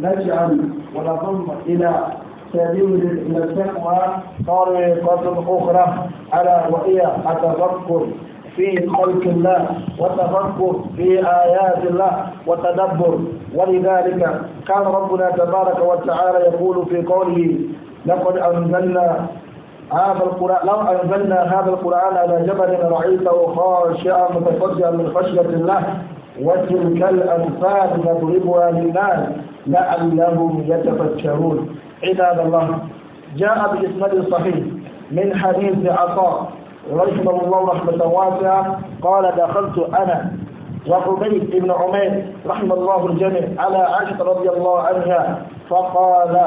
نجعل ولا ضم إلى سبيل إلى التقوى طريقة أخرى ألا وهي التفكر في خلق الله وتفكر في آيات الله وتدبر ولذلك كان ربنا تبارك وتعالى يقول في قوله لقد أنزلنا هذا القرآن لو أنزلنا هذا القرآن على جبل لرأيته خاشعا متصدعا من خشية الله وتلك الأمثال نضربها للناس لعلهم يتفكرون عباد الله جاء بإسناد صحيح من حديث عطاء رحمه الله رحمة واسعة قال دخلت أنا وعبيد بن عمير رحمه الله الجميع على عائشة رضي الله عنها فقال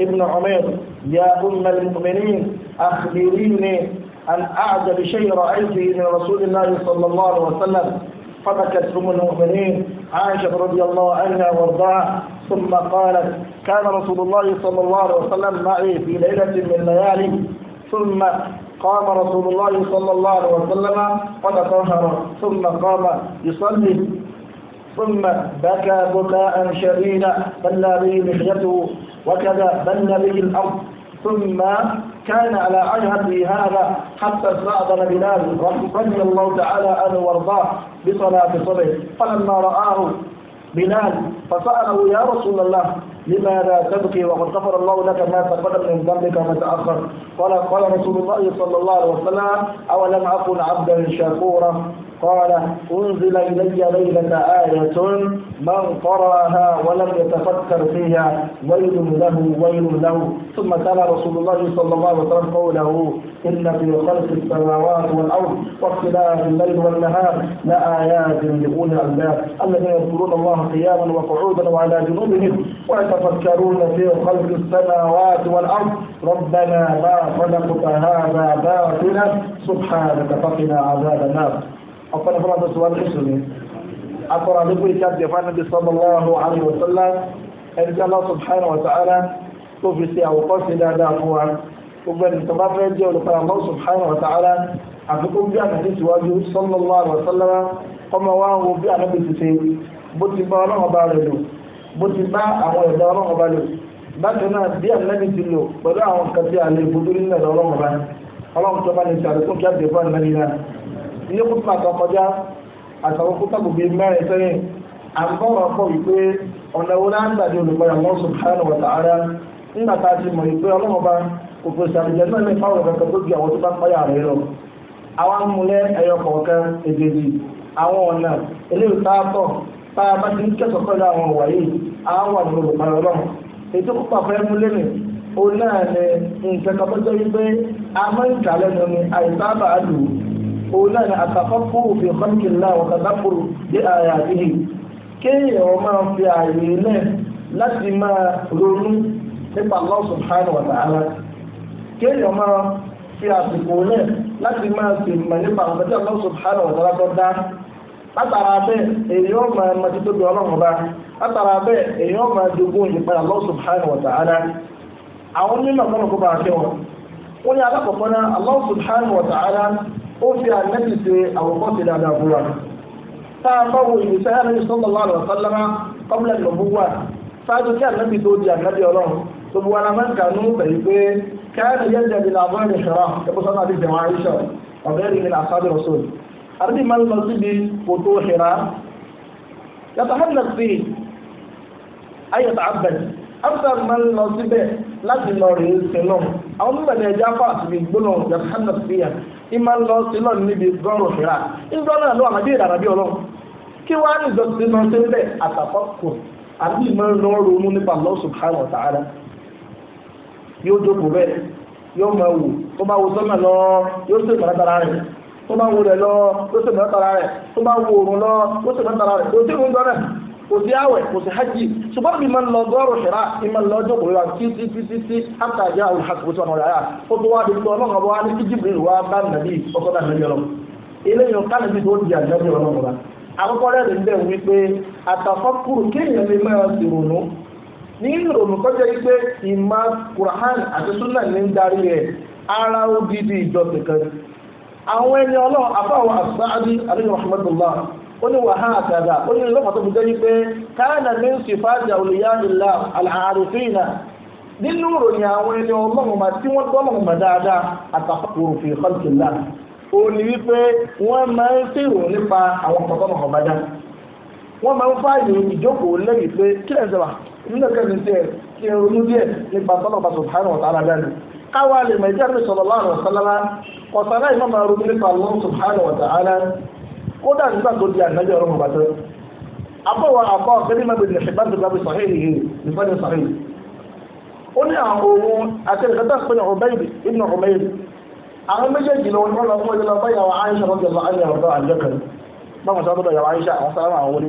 ابن عمير يا أم المؤمنين أخبريني أن أعجب شيء رأيته من رسول الله صلى الله عليه وسلم فبكت أم المؤمنين عائشة رضي الله عنها وارضاها ثم قالت كان رسول الله صلى الله عليه وسلم معي في ليلة من ليالي ثم قام رسول الله صلى الله عليه وسلم فتطهر ثم قام يصلي ثم بكى بكاء شديدا بل به لحيته وكذا بل به الأرض ثم كان على عهده هذا حتى استأذن بلال رضي الله تعالى عنه وارضاه بصلاة الصبح فلما رآه بلال فسأله يا رسول الله لماذا تبكي وقد غفر الله لك ما تقدم من ذنبك ما تأخر قال قال رسول الله صلى الله عليه وسلم أولم أكن عبدا شكورا قال أنزل إلي ليلة آية من قرأها ولم يتفكر فيها ويل له ويل له ثم تلا رسول الله صلى الله عليه وسلم قوله إن في خلق السماوات والأرض واختلاف الليل والنهار لآيات لأولي الألباب الذين يذكرون الله قياما وقعودا وعلى جنوبهم ويتفكرون في خلق السماوات والأرض ربنا ما خلقت هذا باطلا سبحانك فقنا عذاب النار ọ̀pọ̀ nípa tó sọ́wọ́ mùsùlùmí akọ̀rọ̀ àdúgbò ìka jẹ́ fún ànábì sallallahu alaihi wa sallam ẹni tí Allah subhanahu wa ta'ala tó fi ṣe àwòkọ́ṣe dáadáa fún wa gbogbo ẹni tó bá Allah subhanahu wa ta'ala àfikún bí ànábì síwájú sallallahu alaihi wa sallam ọmọ wa ń wo bí ànábì ti ṣe bó ti bá ọlọ́run ọba rẹ̀ lò bó ti bá àwọn ẹ̀dá ọlọ́run ọba lò bákan náà bí ànábì ti lò pẹ̀lú àwọn kàtí àlè ìbùdó nílẹ̀ ọlọ́run ọba ọlọ́run tó ní kútu àtọ kọjá àtàwọn kútu àgbègbè mẹ́rin sẹ́yìn à ń bọ̀ wọn fọ wípé ọ̀nà wo náà ń gbàdé olùgbàyà wọn subhanahu wa ta'ala nígbà tá a ti mọ̀ wípé ọlọ́mọba kò pèsè àbújá náà ní fáwọn kankan tó di àwọn tó bá pààyà rẹ̀ lọ. àwa ń múlẹ̀ ẹyọ kọ̀ọ̀kan èdèjì àwọn ọ̀nà eléyìí tá a tọ̀ tá a bá ti ń kẹ́sọ̀ pẹ̀lú àwọn ọ̀wà yìí á wà ní olùgbàyà ọlọ́run ètò kópa fẹ́ múlẹ̀ nìyí o náà ni nǹkan kan tó jẹ́ wípé a máa ń kà lẹ́nu ni àìsábà lù ú òun náà ni àtàkọ́kùrù fi kọ́ńkìlá ọ̀tàkùrù bí àyà àdìhì kéèyàn máa fi àyè lẹ̀ láti máa ronú nípa Allah subhanahu wa ta'ala kéèyàn máa fi àsìkò lẹ̀ láti máa sì mọ̀ nípa àwọn Allah subhanahu wa ta'ala tó dá látara bẹ́ẹ̀ ma títí bí wa a ó fi ànábì ṣe àwòkọ́ṣe dáadáa fún wa tá a bá wo ìgbésẹ̀ ànábì sallallahu alaihi wasallam qabla an-nubuwwah ṣáájú kí ànábì tó di ànábì ọlọ́run tó bu ara máa ń kà ní bẹ̀rẹ̀ pé káyọ̀ yẹn jẹ̀bi làbọ́n ní ṣọ́ra ẹ̀kọ́ sọ́nà àti ìdẹ̀wọ̀n àyíṣọ́ ọ̀bẹ́rì ní àṣàbí rọ̀ṣọ́l àdébí máa ń lọ síbi kòtò ṣẹ̀rá yàtọ̀ hàn náà sí ayẹ̀tọ̀ àbẹ̀rẹ̀ after man lọ síbẹ̀ láti lọ rèé sílọ̀ àwọn mímọ̀lẹ́ ẹja fà síbi gbóná yàtọ̀ síyà ìmọ̀ lọ sílọ̀ níbi gọ́rọ̀ fìrà ìjọ náà lọ àmàdé ìdàràbí ọlọ́run kí wàá ní ìjọ sí lọ síbẹ̀ àtàkọ́kù àbí ìmọ̀ lọ ronú nípa Allah subhanahu wa ta'ala yóò jókòó bẹ́ẹ̀ yóò máa wò tó bá wo sọ́mà lọ yóò sì mọ̀ látara rẹ̀ tó bá wo rẹ̀ lọ yóò sì mọ̀ látara rẹ̀ tó bá wo òrùn lọ yóò sì mọ̀ látara rẹ̀ kò sí àwẹ̀ kò sí hajj ṣùgbọ́n bí máa ń lọ gọ́ọ̀rù ṣẹ̀rá ní máa ń lọ ọjọ́ òkúrò wa títí títí tí hàtà ìyá àwọn àtúntò ọmọ rẹ̀ yára ó tó wá di pé ọlọ́run ọba wa ní kí jìbìrì wa bá nàbí ọkọ̀ náà nàbí ọlọ́run eléyìí nàbí tó di ọlọ́run ọba rẹ̀ lè bẹ̀ àtàfọ́kùrù kéèyàn lè máa ó ní wàhá àgàgà ó ní lọ́pàá tó fi jẹ́ wípé káàna mi ń sì fájà olùyáàlùlá àlàárífínà nínú ìròyìn àwọn ẹni ọlọ́run mà tí wọ́n tọ́lọ̀ mà dáadáa àtàkùrù fi khalqillah ó ní wípé wọ́n máa ń fèrò nípa àwọn tọ́lọ̀ mà dáadáa wọ́n máa ń fààyè ìjókòó lẹ́yìn pé kí lẹ́sẹ̀ wà nínú kẹ́mi tiẹ̀ kí n ronú díẹ̀ nípa tọ́lọ̀ bá subhanahu wa lè mọ̀ ìjẹ́ àmì sallallahu kọ̀sánà ìmọ̀ máa ronú nípa Allah subhanahu wa ta'ala kódà nígbà tó di ànájọ́ ọ̀rọ̀ bàbá tẹ́ abọ́wọ́ àbọ̀ kẹ́lí mẹ́bí ní ṣẹ̀bá tó gbàgbé sọ̀hẹ́ yìí nígbà ní sọ̀hẹ́ yìí ó ní àwọn ohun àti ìkẹta pé ní ọ̀bẹ́ yìí ibùn ọ̀bẹ́ yìí àwọn méjèèjì lọ wọn lọ fún ìdílé ọgbà yàwó Aisha lọ́jọ́ lọ ayé ọ̀dọ́ àjọ kan báwo sábà yàwó Aisha àwọn sábà àwọn wọlé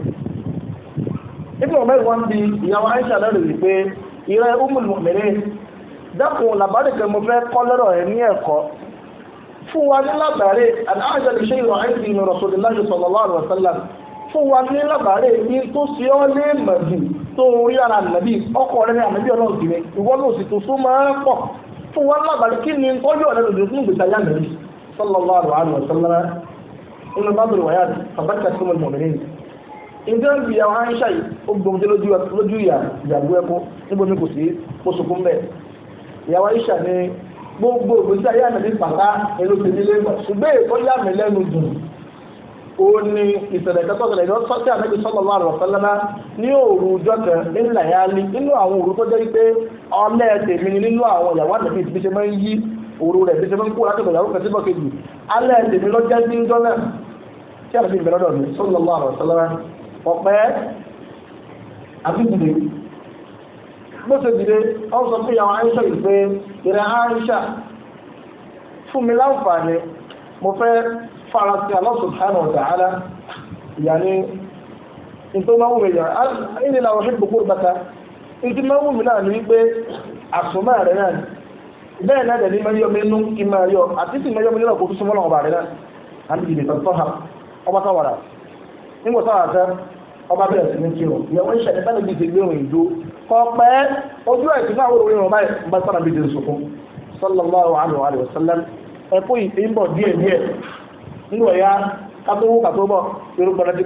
ibùn ọ̀bẹ́ yìí wọ́n di ìyàwó Aisha lọ́rọ̀ yìí pé ìrẹ́ umul mu'minin dákun làbádìkẹ́ mo fẹ́ kọ́ lọ́rọ̀ ẹ̀ fún wa ní lábàárẹ̀ aláàjọ lè ṣe ìrọ̀ àìsí ìnù Rasulullahi sallallahu alaihi wasallam fún wa ní lábàárẹ̀ ní tó ṣe ọ́ lé màdù tó rí ara nàbí ọkọ̀ rẹ̀ ní ànàbí ọlọ́run ti rẹ̀ ìwọ́n ló sì tó sún máa ń pọ̀ fún wa lábàárẹ̀ kí ni tọ́jú ọ̀rẹ́ lòdì fún ìgbésà yá nàbí sallallahu alaihi wasallam inú bá bẹ̀rẹ̀ wáyà gbogbo ògbésí ayé àmì pàtà ẹlò tèmi lẹ́nu ṣùgbọ́n èkó yà mí lẹ́nu dùn ó ní ìṣẹ̀lẹ̀ kẹtọ́ ṣẹlẹ̀ ní ọ̀sán tí ànábì sallallahu alaihi wasallam ní òru ọjọ́ kan nínú àyálí nínú àwọn òru tó jẹ́ pé ọlẹ́ tèmi ni nínú àwọn ìyàwó àtẹ̀bí ti ṣe máa ń yí òru rẹ̀ ti ṣe máa ń kó látọ̀dọ̀ ìyàwó kẹsí bọ́ kejì alẹ́ tèmi lọ jẹ́ sí ńjọ́ náà tí ànábì ìbẹ̀rẹ̀ ọ̀dọ̀ mi sallallahu alaihi wasallam ọ̀pẹ́ àbíkùnrin bó ṣe dìde wọ́n sọ fún ìyàwó Aisha yìí pé ìrẹ̀ Aisha fún mi láǹfààní mo fẹ́ farasí Allah subhanahu wa ta'ala ìyàní nítorí máa ń ìní làwọn ṣe gbogbo bàtà ìdí máa yọ kí máa yọ yọ súnmọ́ náà náà àti ìdìbò tó tọ́ ọba bẹ̀rẹ̀ sí ní kírun ìyàwó ìṣẹ̀lẹ̀ bẹ́ẹ̀ níbi ti gbérun ìdó ọpẹ́ ojú ẹ̀ tí káwọn olórin ọba ìgbà sára bíi ti ń sunkún sallallahu alaihi wa sallam ẹkún ìpín bọ̀ díẹ̀ díẹ̀ nínú ẹ̀yà kátó kátó bọ̀ yorùbá ti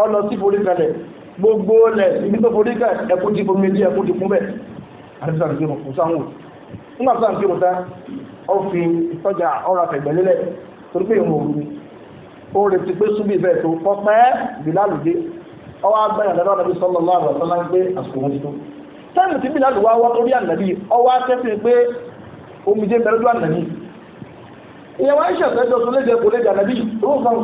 ọ sí forí kalẹ̀ gbogbo lẹ̀ ibi tó forí kalẹ̀ ti ti ó retí pé súnmí bẹ́ẹ̀ tó kọ́pẹ́ bílálù dé ọwọ́ agbẹ́yàn lọ́dọ̀ nàbí sallallahu alaihi wasallam pé àsìkò wọn ti tó sẹ́yìn tí bílálù wá wá torí ànàbí ọwọ́ akẹ́sìn pé omijé ń ànàbí ìyàwó ayé ṣẹ̀ṣẹ̀ jọsùn léde kò léde ànàbí owó kan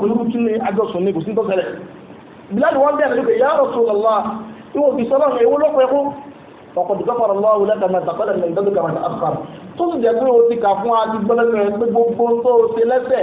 kò lóru lọ́wọ́ lẹ́tàmẹ́ tàkọ́lẹ̀ ní ìdọ́dún kàmẹ́tà àfàrà tó sì jẹ́ pé o ti kà fún adigbọ́lẹ́mẹ́ gbogbo tó o ṣe lẹ́sẹ̀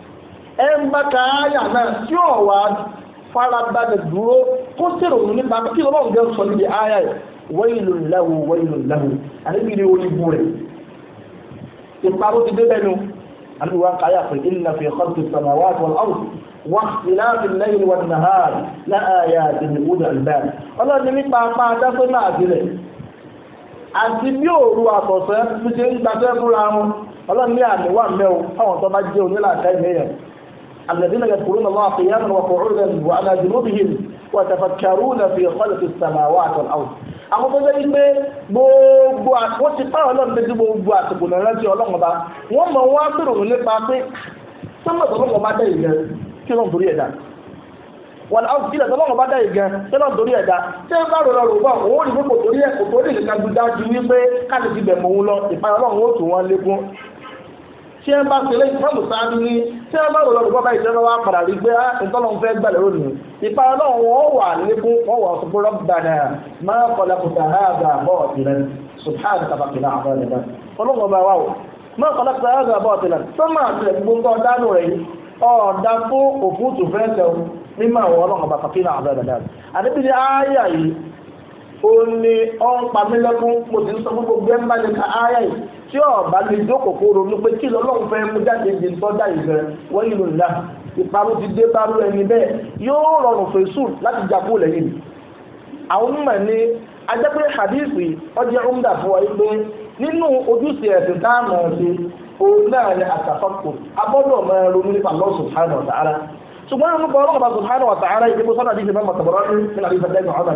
ẹ ń bá ka àyà náà tí ò wá farabalẹ̀ dúró kó sèrò òun nípa kí lọ́wọ́ gẹ́ sọ níbi àyà yìí wailu lahu wailu lahu àníbi ni oyin bu rẹ̀ ìparó ti dé bẹ́ẹ̀ nu wọn kà pé inna fi khalqi samawati wal ardi واختلاف الليل والنهار لآيات لأولي الألباب ọlọ́run nípa apá adáfẹ́ náà sílẹ̀ àti bí òru àtọ̀sẹ́ fi ṣe ń gbàtẹ́ fúnra wọn ọlọ́run ní àmì wà mẹ́wọ́ الذين يذكرون الله قياما وقعودا وعلى جنوبهم وتفكرون في خلق السماوات والأرض àwọn tó jẹ́ wípé gbogbo wọ́n ti fáwọn náà lójú gbogbo àsìkò náà rántí ọlọ́run ọba wọ́n mọ̀ wọ́n á gbèrò nípa pé sọ́mọ̀ tọ́lọ́run ọba dá ìgbẹ́ kí ló ń torí ẹ̀dá wọn àwọn ìdílé tọ́lọ́run ọba dá ìgbẹ́ kí ló ń torí ẹ̀dá tí ó bá rò lọ rògbọ́n òun ò rí pé kò torí ẹ̀ kò torí ìlú kájú dájú wípé káàdì ti bẹ̀ mọ́ òun lọ ìpayọ̀ ọlọ́run ó tù wọ́n lékún tí ẹ bá ṣe lẹ́yìn ní tí wọ́n bá rò lọ́rùn bọ́bá ìṣẹ́nu wa padà rí gbé ìtọ́lọ́run ah, fẹ́ gbà lérò nù ipa náà wọ́n wà lékún wọ́n wà sọ fún rọ́bàdà máa kọlẹ̀ kùtà ààbà bọ́ ọ̀tìlẹ̀ subhanahu wa ta'ala àbọ̀ ẹ̀dá ọlọ́run ọba wa o máa kọlẹ̀ kùtà ààbà bọ́ ọ̀tìlẹ̀ sọ́mà àtìlẹ̀ gbogbo ọ̀dánù rẹ̀ ọ̀dà fún yìí ọ̀ mo ti ń sọ fún gbogbo tí ọba lè jókòó kó ronú pé kí lọ́lọ́run fẹ́ mú jáde di tọ́jà ìfẹ́ wọ́n yìí lòlá ìparun ti dé bá rú ẹni bẹ́ẹ̀ yóò rọrùn fèsù láti jà kó lẹ́yìn àwọn onímọ̀ ni ajẹ́pẹ́ hadithi ọjọ́ ọmọdà fún wa pé nínú ojúṣe ẹ̀sìn táàmù ọ̀sẹ̀ òun náà ni àtàkọ́kù abọ́dọ̀ máa ronú nípa Allah subhanahu wa ta'ala ṣùgbọ́n àwọn ọmọ ọlọ́mọba subhanahu wa ta'ala yìí kó sọ́dọ̀ àdìsí mẹ́mọ̀ tàbọ̀rọ̀ ní àdìsí ẹ̀dẹ́gbọ̀n ọ̀dọ̀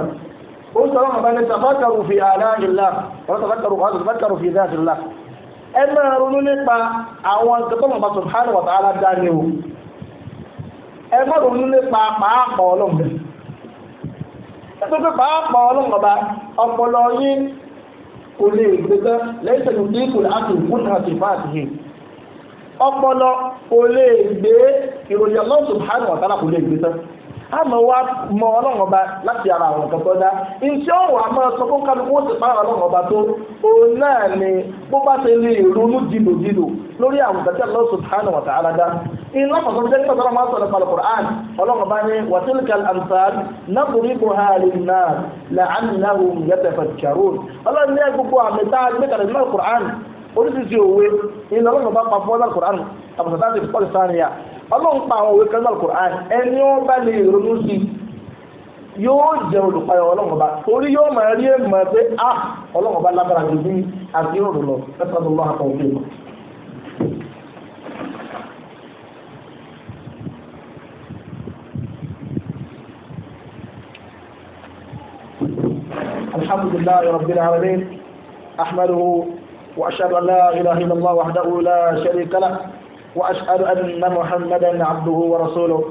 ó sọ̀rọ̀ àbáyé tafakkaru fi àlá ìlà wọ́n tafakkaru fi dáàtì ìlà ẹ máa ronú nípa àwọn gẹ́gọ́nà bá subhanahu wa ta'ala dá ní o ẹ má ronú nípa pàápàá ọlọ́mọdé ẹ tó fi pàápàá ọlọ́mọba ọpọlọ yín kò lè gbẹgbẹ lẹ́yìn tẹ̀lé ní kò lè àti ìwúni àti ìfáàtì yìí ọpọlọ kò lè gbé ìròyìn Allah subhanahu wa ta'ala kò lè gbẹgbẹ àmọ́ wa mọ ọlọ́run ọba láti ara àwọn nǹkan tó dá iṣẹ́ ọ̀rọ̀ àmọ́ sọ fún kálukú ó sì pa ọlọ́run ọba tó òun náà ni bó bá ṣe lè ronú dìlòdìlò lórí àwọn nǹkan tí Allah subhanahu wa ta'ala dá iná kọ̀sọ́ jẹ́ nípa sọ́dọ̀ máa sọ̀rọ̀ pàlọ́ Qur'an ọlọ́run ọba ní wa tilkal amsal nadribuha linnas la'annahum yatafakkarun ọlọ́run ní gbogbo àmì tá a gbé kalẹ̀ nínú Qur'an oríṣiríṣi òwe iná ọlọ́run ọba pa ọlọ́run pa àwọn òwe kan náà Qur'an ẹni ó bá lè ronú sí yóò jẹ olùpayọ̀ ọlọ́run ọba torí yóò máa rí èèmọ̀ pé a ah, ọlọ́run ọba lágbára ju bí àti yóò lọ ẹ̀ka ló lọ́ha òkè lọ. الحمد لله رب العالمين أحمده وأشهد أن لا إله إلا الله وحده لا شريك له وأشهد أن محمدا عبده ورسوله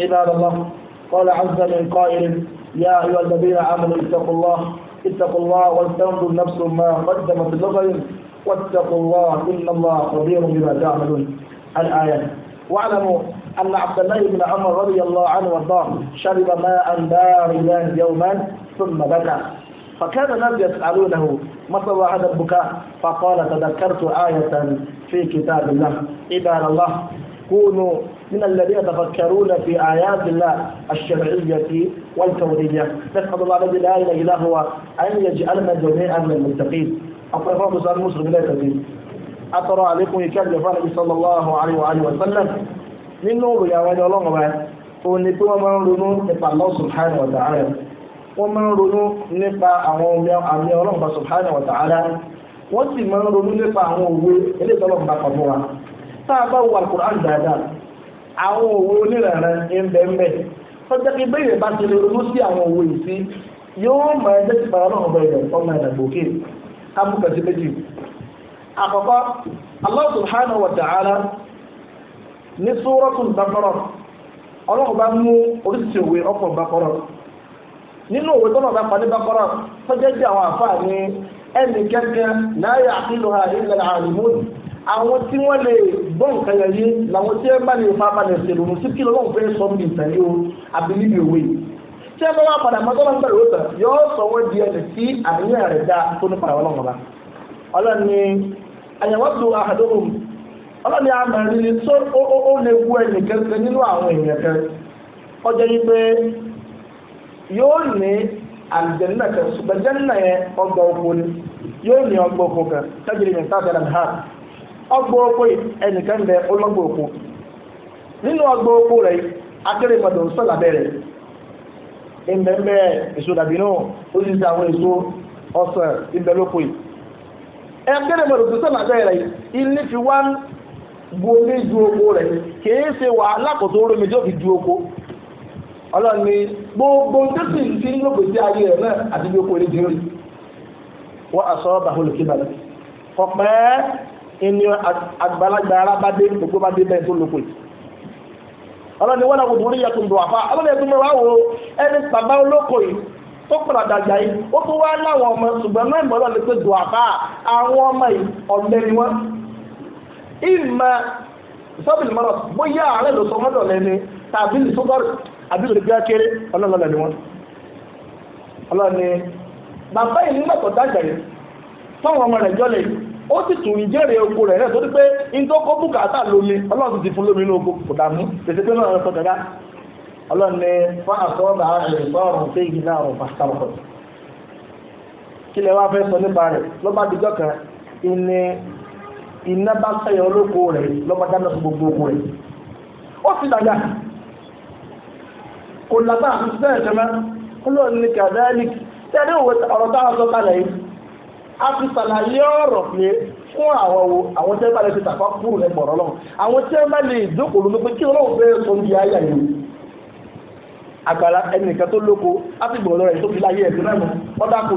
عباد الله قال عز من قائل يا أيها الذين آمنوا اتقوا الله اتقوا الله ولتنظر نفس ما قدمت لغد واتقوا الله إن الله خبير بما تعملون الآية واعلموا أن عبد الله بن عمر رضي الله عنه وارضاه شرب ماء باردا يوما ثم بكى فكان الناس يسألونه متى وعد البكاء فقال تذكرت آية في كتاب الله عباد الله كونوا من الذين يتفكرون في آيات الله الشرعية والكونية نسأل الله الذي لا إله إلا هو أن يجعلنا جميعا من المتقين أقرأ مسلم مسلم لا يتقين أترى عليكم يكاد النبي صلى الله عليه وآله وسلم من نور يا ولي الله ما ونكون من رنون الله سبحانه وتعالى ومن رنون نبقى أمام أمام الله سبحانه وتعالى wọ́n sì máa ń ronú nípa àwọn òwe eléyìí tọ́lọ̀ ń wa tá a bá wo alukur'an dáadáa àwọn òwe onírànràn ń bẹ kí bẹ́ẹ̀ bá ti lè ronú sí àwọn òwe yìí sí yóò máa jẹ́ ti bàrà náà bẹ̀rẹ̀ ọmọ ìdàgbòkè kábùkàtì méjì àkọ́kọ́ ní ọlọ́run bá mú oríṣiríṣi òwe ọkọ̀ nínú òwe bá pa ní jẹ́ àwọn àfáà ní ẹnì kẹ́kẹ́ náà yà àkílò ha ilẹ̀ àlùmọ́ọ̀nì àwọn tí wọ́n lè gbọ́ nǹkan yẹn yé làwọn tí ẹ bá lè fa balẹ̀ ṣe lòun sí kí fẹ́ sọ mí ìtẹ̀lé o àbí níbi òwe tí ẹ bá wà padà mọ́tò yóò sọ di ẹni tí àníyàn rẹ̀ dá tó ọlọ́ni àyẹ̀wò tó àhàdóhùn ọlọ́ni tó ó lè wú kẹ́kẹ́ nínú àwọn èèyàn kẹ́ ọjọ́ yìí pé yóò ní aljanna kan janna yẹn ọgbà oko ni yóò ní ọgbà oko kan tajiri min ta bẹ̀rẹ̀ ha ọgbà oko yìí ẹnìkan oko re, ọgbà oko rẹ̀ la padà ń sọ̀lá bẹ̀rẹ̀ ìmẹ̀mẹ̀ èso dàbí náà ó sì ṣe àwọn èso ọ̀sẹ̀ ìbẹ̀lóko mo ẹgbẹ́rẹ́ so la sọ̀lá bẹ̀rẹ̀ ilé fi wá bu ju oko rẹ̀ kì í ṣe wàhálà kò ju oko ọlọ́run ní gbogbo tẹ́sí ti ń lókè sí ayé rẹ̀ náà àti bí okòó lè dín rí wọ́n aṣọ bàhùn lòkè balẹ̀ ọ̀pẹ́ ẹni àgbàlagbà ara bá dé gbogbo bá dé bẹ́ẹ̀ tó lókè ọlọ́run ní wọ́n náà wòdùn oríyá tó ń bọ̀ àfa ọlọ́run ẹ̀tún mẹ́wàá wo ẹni bàbá olóko yìí tó padà dàgbà yìí ó tún wá láwọn ọmọ ṣùgbọ́n náà ìmọ̀lọ́ ni pé dùn àfa àwọn ọmọ yìí ọ̀gbẹ́ ni wọ́n ìmọ̀ sọ́bìlì mọ́rọ̀ bóyá ààrẹ ló sọ mọ́dọ̀ lẹ́ni tàbí lùsọ́gọ́rì àbí ìlú bíá kéré ọlọ́lọ́lọ́ ni wọ́n ọlọ́ni bàbá yìí nígbà tó dájà yìí fáwọn ọmọ rẹ̀ jọlẹ̀ yìí ó sì tún ìjẹ́rìí oko rẹ̀ náà tó ti pé nítorí kó bùkátà lómi ọlọ́run ti fún lómi inú oko kò dààmú tètè pé náà sọ dada ọlọ́ni fún àsọ́ọ̀bà àrùn tó yìí náà rùn pàṣípàrọ̀ kí lẹ wá fẹ́ sọ nípa rẹ̀ ló bá dijọ́ kan ìní iná bá sẹ́yìn olóko rẹ̀ ló bá dáná sí gbogbo oko rẹ̀ ó sì dàgbà kò lágbára fún sísẹ́ ẹ̀ṣẹ̀mẹ́ ọlọ́run ní kàdáàlì tẹ́lẹ̀ òwe ọ̀rọ̀ táwọn sọ kalẹ̀ yìí a fi ṣàlàyé ọ̀rọ̀ pé fún àwọn wo àwọn tẹ́ bá lè fi tàpá kúrò lẹ́ gbọ̀rọ̀ lọ́wọ́ àwọn tẹ́ bá lè dókòló ló pé kí ọlọ́run fẹ́ sọ ní ayé àyè àgbàlá ẹnìkan tó lóko á sì gbọ̀rọ̀ rẹ̀ tó fi láyé ẹ̀dùn náà ọ̀dà kò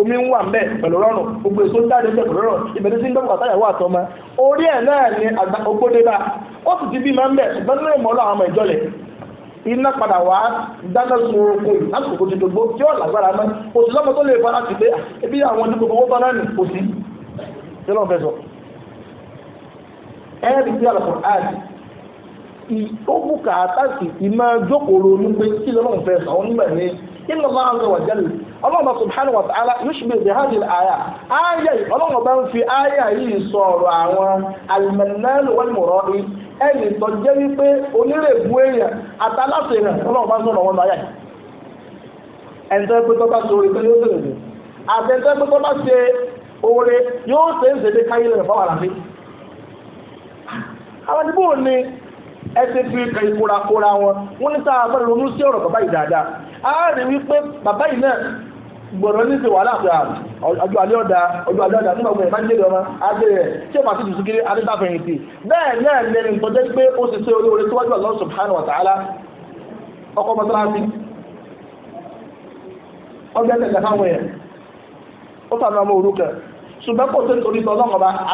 omi ń wà ń pẹ̀lú rọrùn gbogbo èso ń dáre pẹ̀lú rọrùn ìbẹ̀rẹ̀ sí ń àtàyàwó àtọmọ ni àgbà ògbódébà ó sì ti bí máa ń iná padà wá dáná sun oko yìí láti kòkó ti dògbò tí ó lágbára mọ́ kò sí lọ́mọ tó lè fara sí pé ah, ebi àwọn ní gbogbo owó tán náà nì kò sí tí ó lọ́n fẹ́ sọ. ẹ̀ẹ́dì bí àlọ́ ó bùkà àtàkì ìmọ̀ jókòó ronú pé kí lọ́mọ fẹ́ sọ àwọn onímọ̀ ní inna allah azza wa jalla ọlọ́run bá subhanahu wa ta'ala yushbir bi hadhihi al-aya aya yìí ọlọ́run bá ń fi aya yìí sọ̀rọ̀ àwọn al-mannan wal-muradi ẹni tó jẹ́ wípé onírèbú èèyàn àtàlásè rẹ̀ ọlọ́run bá sọ̀rọ̀ wọn láyà ẹni tó ń pẹ́ tó bá sọ orí pé yóò sèrè àti ẹni tó ń pẹ́ tó bá ṣe oore yóò ṣe é ṣèdè káyé rẹ̀ fáwọn àlàfé àwọn ìdìbò ni ẹ ti fi kẹ̀kúrakúra wọn wọn ní sáà bá ronú sí ọ̀rọ̀ bàbá ìdáadáa á rí wípé bàbá yìí náà gbọ̀rọ̀ ní ti wàhálà pé ọjọ́ alẹ́ ọ̀dà ọjọ́ alẹ́ ọ̀dà nígbà gbọ́dọ̀ máa ń jẹ́rìí ọmọ ajẹ́rẹ̀ tí èèmà sì dùn síkiri adébáfẹ̀yìntì bẹ́ẹ̀ náà lẹ́nu ìtọ́jẹ́ pé ó ti ṣe olóore síwájú Allah ọkọ̀ fáwọn ó ṣùgbọ́n kò tó nítorí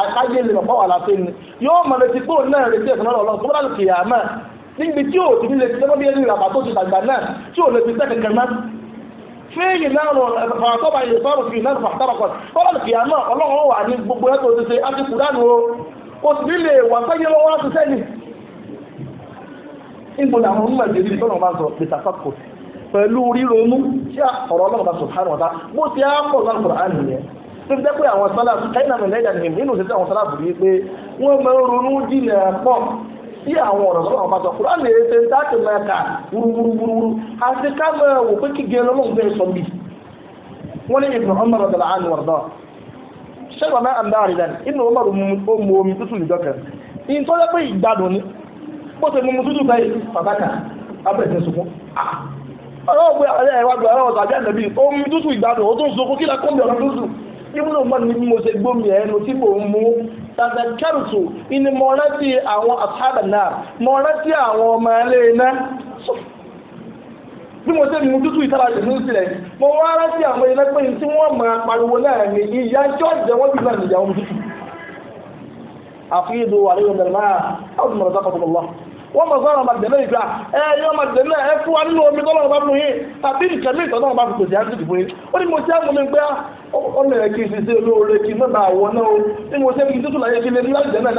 àkájé lè mọ̀ láti ní yóò mọ̀ pé òun náà níbi tí yóò ti ní lè fi lọ́wọ́ bí ẹni ràbà tó ti dàgbà náà tí yóò lè fi sẹ́ kankan náà fẹ́ẹ̀lì náà rọ fàtọ́bà yìí sọ́rọ̀ fi náà fàtọ́bà kan fọ́lá kìí àná ọlọ́run wà ní gbogbo ẹ̀ tó ti ṣe átíkù dánù o kò sì lè wà sẹ́yìn lọ́wọ́ láti sẹ́yìn. níbo ni àwọn onímọ̀ ìdílé tó náà máa sọ pé sàfàkò pẹ̀lú ríronú tí ọ̀rọ̀ ọlọ́run bá sọ̀tàn ọ̀tá bó ti á pọ̀ lọ́kùnrin àná yẹn tó fi jẹ́ pé àwọn sálà tí àwọn ọ̀rọ̀ sọ́nà ọba sọ fún wa lè ṣe ń dáàtì máa wúrúwúrúwúrú àti ká máa wò pé kí gẹ́rẹ́ lọ́wọ́ bẹ́ẹ̀ sọ bí. wọ́n ní ibùdó ọmọ rẹ̀ dàlá àánú ọ̀rọ̀ ọmọ rẹ̀ ó omi tútù ìjọkẹ́ ìyìn tó yẹ pé ni bó ṣe sunkún. gbọ́ tàzẹ̀kẹ́rùtù ìní mo rántí àwọn àṣàdà náà mo rántí àwọn ọmọ ẹlẹ́ iná bí mo ṣe mú tútù ìtara ìlú sílẹ̀ mo wá rántí àwọn iná pé tí wọ́n mọ pariwo náà ní ìyá jọ́ọ̀jẹ̀ wọ́n bí náà nìyàwó tútù àfihàn àríyànjẹ̀ máa ọdún mọ̀rọ̀ wọ́n mọ̀ sọ́rọ̀ ọmọ náà ìgbà ẹ ọmọ ọmọdé náà ẹ fún wa nínú omi tọ́lọ́ ọba fún yín tàbí ìkẹ́mí ìtọ́ náà ọba fún tòsí àti ìdìbò yín ó ní mo ṣe àwọn mi gbé ọmọ ẹ̀ kí n ṣiṣẹ́ olóore kí n má bàa náà ní mo ṣe kí n tútù láyé kí n lè láti náà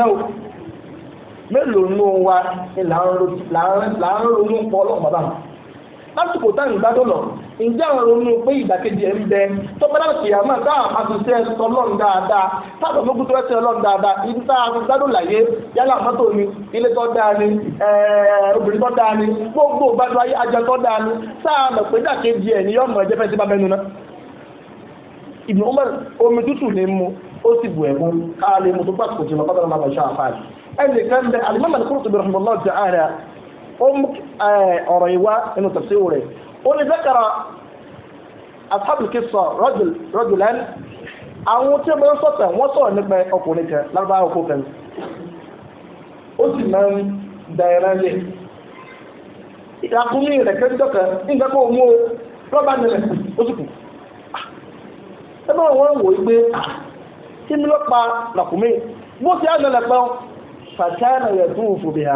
mélòó nù wa ni là ń ronú pọ̀ lásìkò táyì gbádùn lọ ǹjẹ́ àwọn ronú pé ìdàkejì ẹ̀ ń bẹ tó bá láti yà máa dáhà àtúnṣe ẹ̀sọ́ lọ́n dáadáa táàbà fún tó ẹ̀sẹ̀ lọ́n dáadáa ibi tá a fi gbádùn láyé yálà mọ́tò ni ilé tó dáa ni obìnrin tó dáa ni gbogbo gbádùn ayé ajá tó dáa ni sáà mọ̀ pé ìdàkejì ẹ̀ ni yọ̀ọ̀mọ̀ ẹ̀jẹ̀ fẹ́ sí bá bẹ́nu náà ìbùn ọmọ omi tútù ní mu ó sì bù ẹ̀mú káà lè mú tó pàtàkì jùlọ pátá ó mú ọ̀rọ̀ ìwá nínú tafsir rẹ̀ ó ní zakara ashabul qissa rajulan àwọn tí wọ́n sọ̀tẹ̀ wọ́n sọ̀rọ̀ nípa ọkùnrin kan lárúbáwá ọkọ̀ kan ó sì máa ń da ẹran lẹ̀ ìrakúnmí rẹ̀ kẹ́ńtọ́ kan nígbà kan òun ó rọ́bà ah,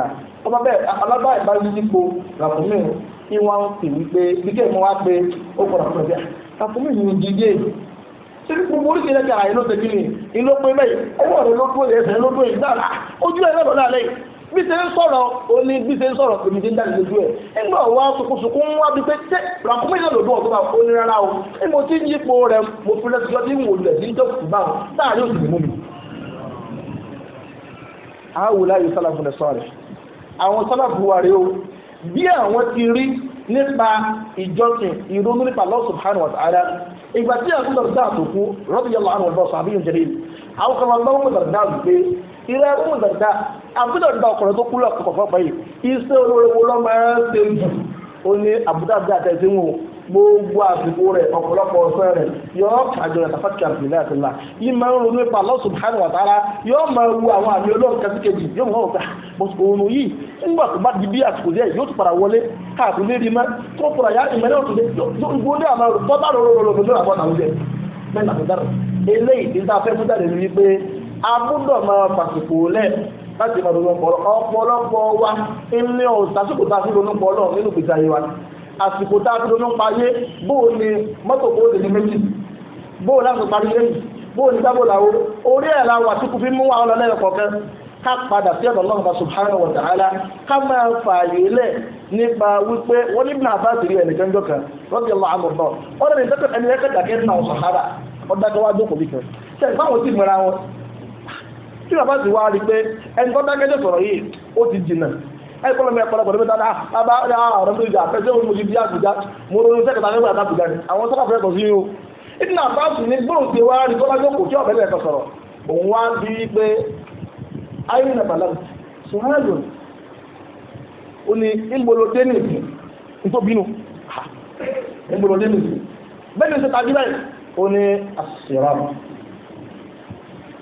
nílẹ̀ ọba bẹ́ẹ̀ alábá ìbá yí nípo ràkúnmí kí wọ́n pè wípé bíkẹ́ mo wá pé ó kọ̀ ràkúnmí bíà ràkúnmí mi dìde ṣé gbogbo oríṣi ẹ̀ka àyè ló tẹ̀lé mi ìlú pé bẹ́ẹ̀ ọwọ́ rẹ̀ ló tó ẹsẹ̀ ló tó ìgbà ojú ẹ̀ lọ́dọ̀ náà lẹ́yìn bí ṣe ń sọ̀rọ̀ ó ní bí ṣe ń sọ̀rọ̀ èmi ti ń dáni lójú ẹ̀ nígbà wa sukusuku ń wá bí pé ṣé ràkúnmí náà lòdù ọ̀tún báwo ó ní rárá o ní mo ti ń yípo rẹ̀ mo fi lẹ́sọ̀ọ́ tí ń wò lẹ̀ sí ń jọ́sìn báwo láàrin òsì lè mú mi. àwòlá yìí sálà fún ẹ àwọn sálàfù wa rèé o bí àwọn ti rí nípa ìjọsìn ìrònú nípa Allah subhanahu wa ta'ala ìgbà tí àwọn sọ̀rọ̀ dáa tó kú radiyallahu anhu ọ̀dọ́ sàbí yóò jẹ́rìí àwọn kan lọ́wọ́ mọ̀ sọ̀rọ̀ dáa wípé ìrẹ́ mọ̀ sọ̀rọ̀ dáa àbúdọ̀ dáa ọkùnrin tó kú lọ́kọ̀ọ̀kọ̀ báyìí iṣẹ́ olóró lọ́mọ ẹ̀ ń ṣe jù ó ní àbúdá dáa tẹ̀síwò gbogbo àsìkò rẹ̀ ọ̀pọ̀lọpọ̀ ọ̀sẹ̀ rẹ̀ yọ àjọ rẹ̀ tàfàkì àbìlẹ̀ àtìlá yìí máa ń ronú ipa Allah subhanahu wa ta'ala yóò máa wu àwọn àmì olóhùn kan síkejì yóò máa wọ̀ pé yìí nígbà tó bá di bí àsìkò díẹ̀ yóò tún padà wọlé káàkiri lérí mọ́ tó padà yá ìmọ̀lẹ́ òtún gbogbo ní àmọ́ tó bá rọrọ àsìkò tá a fi ronú payé bóò ni mọ́tò kó lè ní méjì bóò láti parí lẹ́yìn bóò ní sábò làwọ orí ẹ̀ la wà tí kò fi mú àwọn ọlọ́lẹ́yìn kọ̀ọ̀kan ká padà sí ọ̀dọ̀ Ọlọ́run subhanahu wa ta'ala ká máa fààyè lẹ̀ nípa wípé wọ́n ní Ibn Abbas rí ẹnìkan jọ kan rọ́bì ọlọ́ àmọ̀ náà wọ́n lè dẹ́kun ẹni ẹ̀kẹ́ dàkẹ́ ní àwọn sàhárà ọ̀dàkẹ́ wá jókòó bí kan ṣe ìfáwọn tí mìíràn wọn tí bàbá ti wá rí pé ẹni tó dákẹ́jọ́ sọ̀rọ̀ yìí ó ti jìnnà ẹ kọ́ lọ́mọ ẹ̀kọ́ lọ́pọ̀ dáadáa bàbá ọ̀dà ah, ọ̀rọ̀ mi ìjà pẹ̀sẹ̀ òun mo ti bí àbújá mo ronú sẹ́kẹ̀tà nígbà tá ni àwọn sọ́kà fẹ́ kọ̀ sí o ìdílé àbáṣù ní gbóhùn ti wá ní kọ́lá jókòó tí ọ̀bẹ lẹ́ẹ̀kọ́ sọ̀rọ̀ òun wá ń bí pé ayé nà bàlá sùnmáàlù ó ní ìgbòlódé nìsín ntóbínú ìgbòlódé nìsín bẹ́ẹ̀ ni ṣe tajú ó ní àṣìṣe rà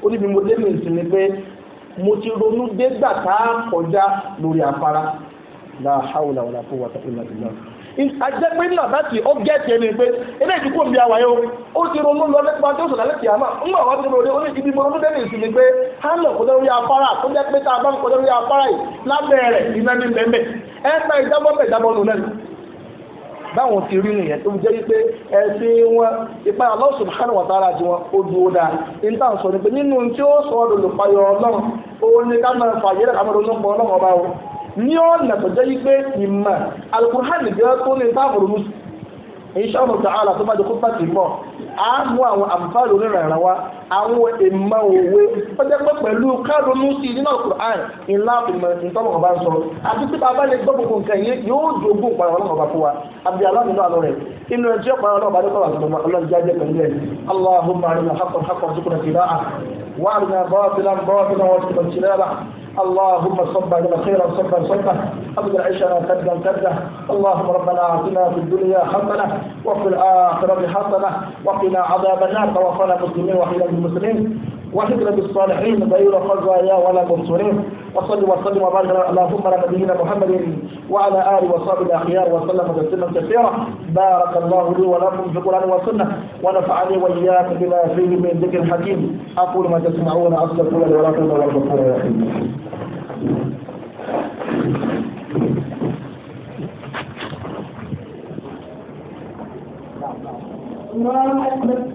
ó ní bí mo dé ni pé mo ti ronú dégbà tá a kọjá lórí afárá na hawla wala quwwata illa billah ajẹ́ pé náà láti ó gẹ́ẹ̀tì ẹni pé ilé ìdíkò ń bi àwáyé o ó ti ronú lọ nípa tí ó sọ̀rọ̀ lẹ́kìá máa ń gbà wá sí ó ní ibi mo ronú dẹ́nu ìsinmi pé hánà kò lórí afárá tó jẹ́ pé tá a bá ń kọjá lórí afárá yìí lábẹ́ báwọn ti rí nìyẹn tó jẹ́ wípé ẹ̀sìn wọn ipa Allah subhanahu wa ta'ala ju wọn ó dúró dáa ní táwọn sọ ni pé nínú tí ó sọ ọ́ lòlùpayọ̀ ọlọ́run òun ni ká máa fàyè rẹ̀ ká máa ronú pọ̀ ọlọ́run ọba o ní ọ̀nà tó jẹ́ wípé ìmọ̀ alukur'an nìjẹ́ tó ní táàbùrù musu insha Allah tó bá di kó bá ti mọ̀ a mú àwọn àǹfààní onírànràn wa àwọn èèmọ̀ òwe ó jẹ́ pé pẹ̀lú káàdùnú sí nínú Al-Qur'an ńlá ìmọ̀ ìtọ́lọ́kọ̀ bá ń sọ àti tí bàbá lè gbọ́ gbogbo nǹkan yẹn yóò dogun ìpara ọlọ́kọ̀ bá fún wa àbí aláàbínú àlọ́ rẹ̀ inú ẹjọ́ ìpara ọlọ́kọ̀ bá dé kọ́ra àtọ̀tọ̀ ọlọ́run jáde pẹ̀lú ẹ̀ اللهم صب لنا خيرا صبا صبا ابدا عيشنا كدا كدا اللهم ربنا اعطنا في الدنيا حسنه وفي الاخره حسنه وقنا عذاب النار توفنا مسلمين وحيدا المسلمين وحكنا بالصالحين غير خزايا ولا مبصرين وصل وسلم وبارك اللهم على نبينا محمد وعلى اله وصحبه الاخيار وسلم تسليما كثيرا بارك الله لي ولكم في القران والسنه ونفعني واياكم بما فيه من ذكر حكيم اقول ما تسمعون استغفر الله ولكم والغفور الرحيم الله أكبر